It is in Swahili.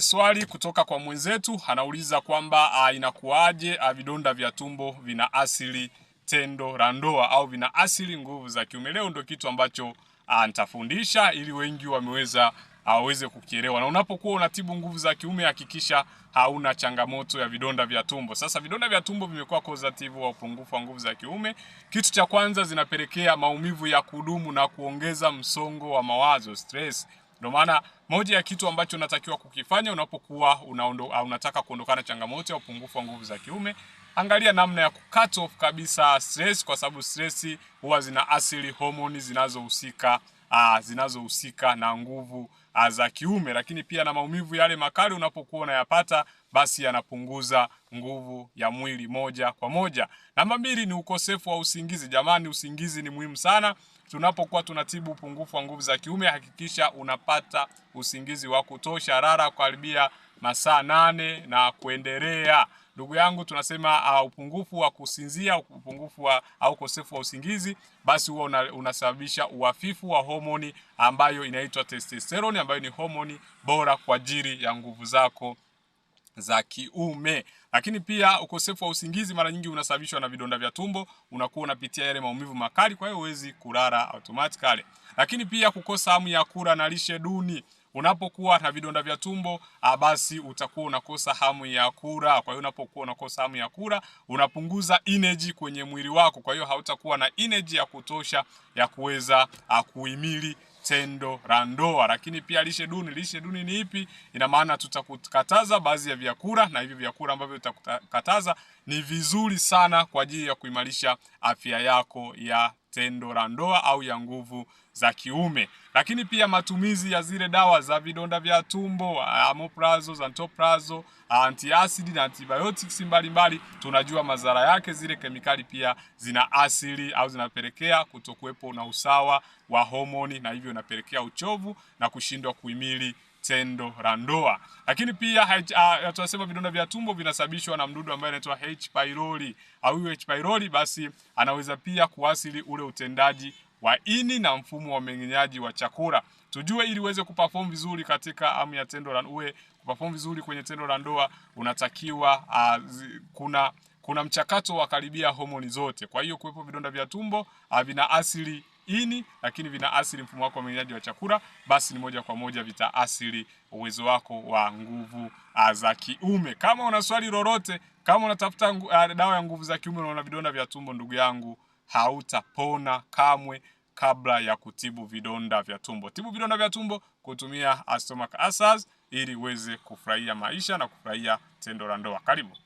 Swali kutoka kwa mwenzetu anauliza kwamba inakuaje ah, inakuwaje ah, vidonda vya tumbo vina asili tendo la ndoa au vina asili nguvu za kiume. Leo ndio kitu ambacho ah, nitafundisha ili wengi wameweza aweze kukielewa. Na unapokuwa unatibu nguvu za kiume, hakikisha hauna changamoto ya vidonda vya tumbo. Sasa vidonda vya tumbo vimekuwa causative wa upungufu wa nguvu za kiume. Kitu cha kwanza, zinapelekea maumivu ya kudumu na kuongeza msongo wa mawazo stress ndio maana moja ya kitu ambacho unatakiwa kukifanya unapokuwa unaundo, uh, unataka kuondokana changamoto ya upungufu wa nguvu za kiume, angalia namna ya cut off kabisa stress, kwa sababu stress huwa zina asili homoni zinazohusika uh, zinazohusika na nguvu za kiume, lakini pia na maumivu yale makali unapokuwa unayapata, basi yanapunguza nguvu ya mwili moja kwa moja. Namba mbili ni ukosefu wa usingizi. Jamani, usingizi ni muhimu sana. Tunapokuwa tunatibu upungufu wa nguvu za kiume, hakikisha unapata usingizi wa kutosha. rara karibia masaa nane na kuendelea. Ndugu yangu, tunasema uh, upungufu wa kusinzia, upungufu wa au uh, ukosefu wa usingizi, basi huo una, unasababisha uhafifu wa homoni ambayo inaitwa testosterone ambayo ni homoni bora kwa ajili ya nguvu zako za kiume. Lakini pia ukosefu wa usingizi mara nyingi unasababishwa na vidonda vya tumbo, unakuwa unapitia yale maumivu makali, kwa hiyo huwezi kulala automatically. Lakini pia kukosa hamu ya kula na lishe duni Unapokuwa na vidonda vya tumbo ah, basi utakuwa unakosa hamu ya kula. Kwa hiyo unapokuwa unakosa hamu ya kula, unapunguza energy kwenye mwili wako, kwa hiyo hautakuwa na energy ya kutosha ya kuweza ah, kuhimili tendo la ndoa. Lakini pia lishe duni, lishe duni ni ipi? Ina maana tutakukataza baadhi ya vyakula, na hivi vyakula ambavyo tutakataza ni vizuri sana kwa ajili ya kuimarisha afya yako ya tendo la ndoa au ya nguvu za kiume. Lakini pia matumizi ya zile dawa za vidonda vya tumbo, amoprazo, zantoprazole, antiacid na antibiotics mbalimbali, tunajua madhara yake. Zile kemikali pia zina asili au zinapelekea kutokuwepo na usawa wa homoni, na hivyo inapelekea uchovu na kushindwa kuhimili tendo la ndoa. Lakini pia tunasema vidonda vya tumbo vinasababishwa na mdudu ambaye anaitwa H pylori au H pylori, basi anaweza pia kuasili ule utendaji wa ini na mfumo wa mmeng'enyaji wa chakula. Tujue ili uweze kuperform vizuri katika amu ya tendo la uwe kuperform vizuri kwenye tendo la ndoa unatakiwa uh, zi, kuna kuna mchakato wa karibia homoni zote. Kwa hiyo kuwepo vidonda vya tumbo vina asili ini, lakini vinaathiri mfumo wako wa mmeng'enyaji wa chakula, basi ni moja kwa moja vitaathiri uwezo wako wa nguvu ah, za kiume. Kama una swali lolote, kama unatafuta uh, dawa ya nguvu za kiume, unaona vidonda vya tumbo, ndugu yangu, hautapona kamwe kabla ya kutibu vidonda vya tumbo. Tibu vidonda vya tumbo kutumia stomach acids ili uweze kufurahia maisha na kufurahia tendo la ndoa. Karibu.